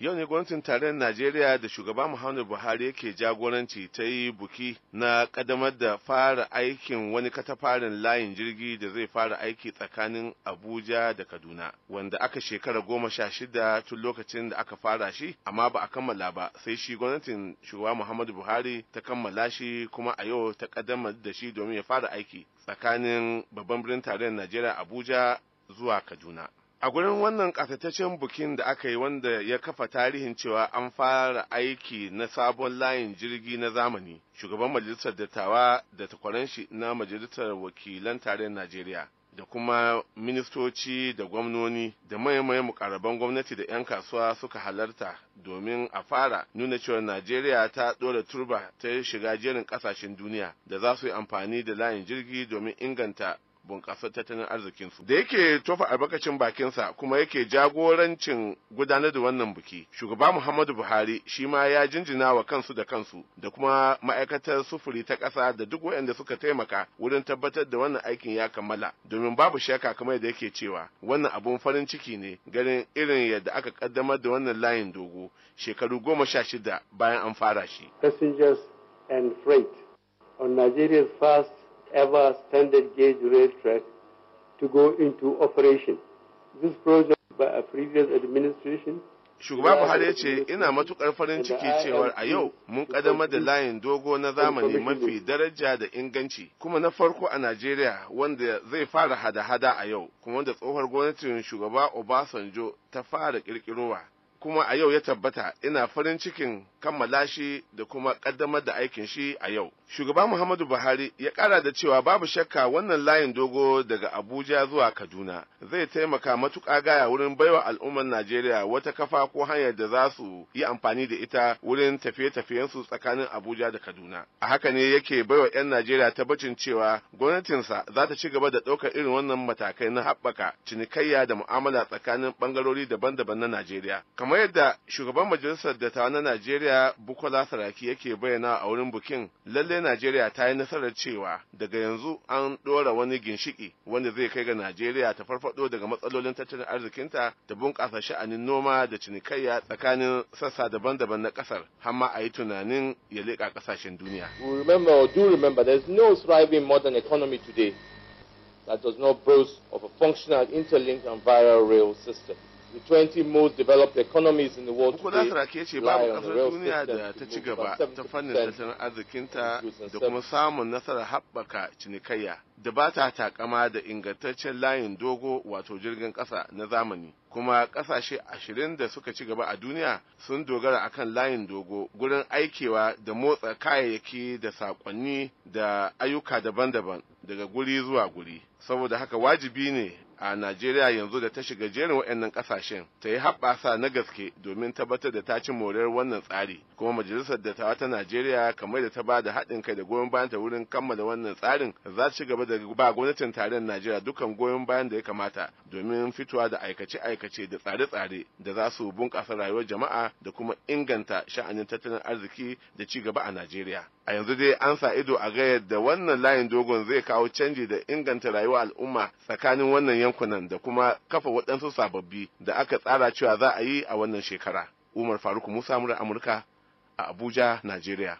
yau ne gwamnatin tarayyar najeriya da shugaba muhammadu buhari yake jagoranci ta yi buki na kadamar da fara aikin wani katafarin layin jirgi da zai fara aiki tsakanin abuja da kaduna wanda aka shekara goma sha shida tun lokacin da aka fara shi amma ba a kammala ba sai shi gwamnatin shugaba muhammadu buhari ta kammala shi kuma a yau ta kadamar da shi domin ya fara aiki tsakanin babban birnin tarayyar najeriya abuja zuwa kaduna a gurin wannan ƙasataccen bukin da aka yi wanda ya kafa tarihin cewa an fara aiki na sabon layin jirgi na zamani shugaban majalisar dattawa da takwaran shi na majalisar wakilan tarayyar najeriya da kuma ministoci da gwamnoni da mayan mukarraban gwamnati da 'yan kasuwa suka halarta domin a fara nuna cewa najeriya ta ɗora turba ta shiga jerin ƙasashen duniya da za su yi amfani da layin jirgi domin inganta bunƙasar tattalin arzikinsu. Da yake tofa albarkacin bakinsa kuma yake jagorancin gudanar da wannan biki. Shugaba Muhammadu Buhari shi ma ya jinjina wa kansu da kansu da kuma ma'aikatar sufuri ta ƙasa da duk waɗanda suka taimaka wurin tabbatar da wannan aikin ya kammala. Domin babu shakka kamar yadda yake cewa wannan abun farin ciki ne ganin irin yadda aka ƙaddamar da wannan layin dogo shekaru goma sha shida bayan an fara shi. Passengers and freight on Nigeria's first ever standard gauge rail track to go into operation. This project by a previous administration Shugaba Buhari ya ce ina matukar farin ciki cewar a yau mun ƙaddamar da layin dogo na zamani mafi daraja da inganci kuma na farko a Najeriya wanda zai fara hada-hada a yau kuma wanda tsohuwar gwamnatin shugaba Obasanjo ta fara kirkirowa kuma a yau ya tabbata ina farin cikin kammala shi da kuma kaddamar da aikin shi a yau. Shugaba Muhammadu Buhari ya kara da cewa babu shakka wannan layin dogo daga Abuja zuwa Kaduna zai taimaka matuƙa gaya wurin baiwa al'ummar Najeriya wata kafa ko hanyar da za su yi amfani da ita wurin tafiye-tafiyensu tsakanin Abuja da Kaduna. A haka ne yake baiwa 'yan Najeriya tabbacin cewa gwamnatinsa za ta ci gaba da ɗaukar irin wannan matakai na haɓaka cinikayya da mu'amala tsakanin ɓangarori daban-daban na Najeriya. Kamar yadda shugaban majalisar dattawa na Najeriya Najeriya Bukola Saraki yake bayyana a wurin bukin lalle Najeriya ta yi nasarar cewa daga yanzu an ɗora wani ginshiki wanda zai kai ga Najeriya ta farfado daga matsalolin tattalin arzikinta da bunƙasa sha'anin noma da cinikayya tsakanin sassa daban-daban na ƙasar har ma a yi tunanin ya leƙa ƙasashen duniya. Remember or do remember there is no thriving modern economy today that does not boast of a functional interlinked and viral rail system. the 20 most developed economies in the world today rake ce babu kasar duniya da ta ci gaba ta fannin tattalin arzikinta da kuma samun nasarar haɓaka cinikayya da ba ta takama da ingantaccen layin dogo wato jirgin ƙasa na zamani kuma ƙasashe ashirin da suka ci gaba a duniya sun dogara a kan layin dogo gurin aikewa da motsa kayayyaki da saƙonni da ayyuka daban-daban daga guri zuwa guri saboda haka wajibi ne a Najeriya yanzu da ta shiga jerin waɗannan ƙasashen ta yi haɓasa na gaske domin tabbatar da ta ci moriyar wannan tsari kuma majalisar dattawa ta Najeriya kamar da ta ba da haɗin kai da goyon bayan ta wurin kammala wannan tsarin za ta ci gaba da ba gwamnatin tarayyar Najeriya dukkan goyon bayan da ya kamata domin fitowa da aikace-aikace da tsare-tsare da za su bunƙasa rayuwar jama'a da kuma inganta sha'anin tattalin arziki da ci gaba a Najeriya. a yanzu dai an sa ido a ga yadda wannan layin dogon zai kawo canji da inganta rayuwar al'umma tsakanin wannan yankunan da kuma kafa waɗansu sababbi da aka tsara cewa za a yi a wannan shekara. Umar Faruk Musa Amurka a Abuja, Najeriya.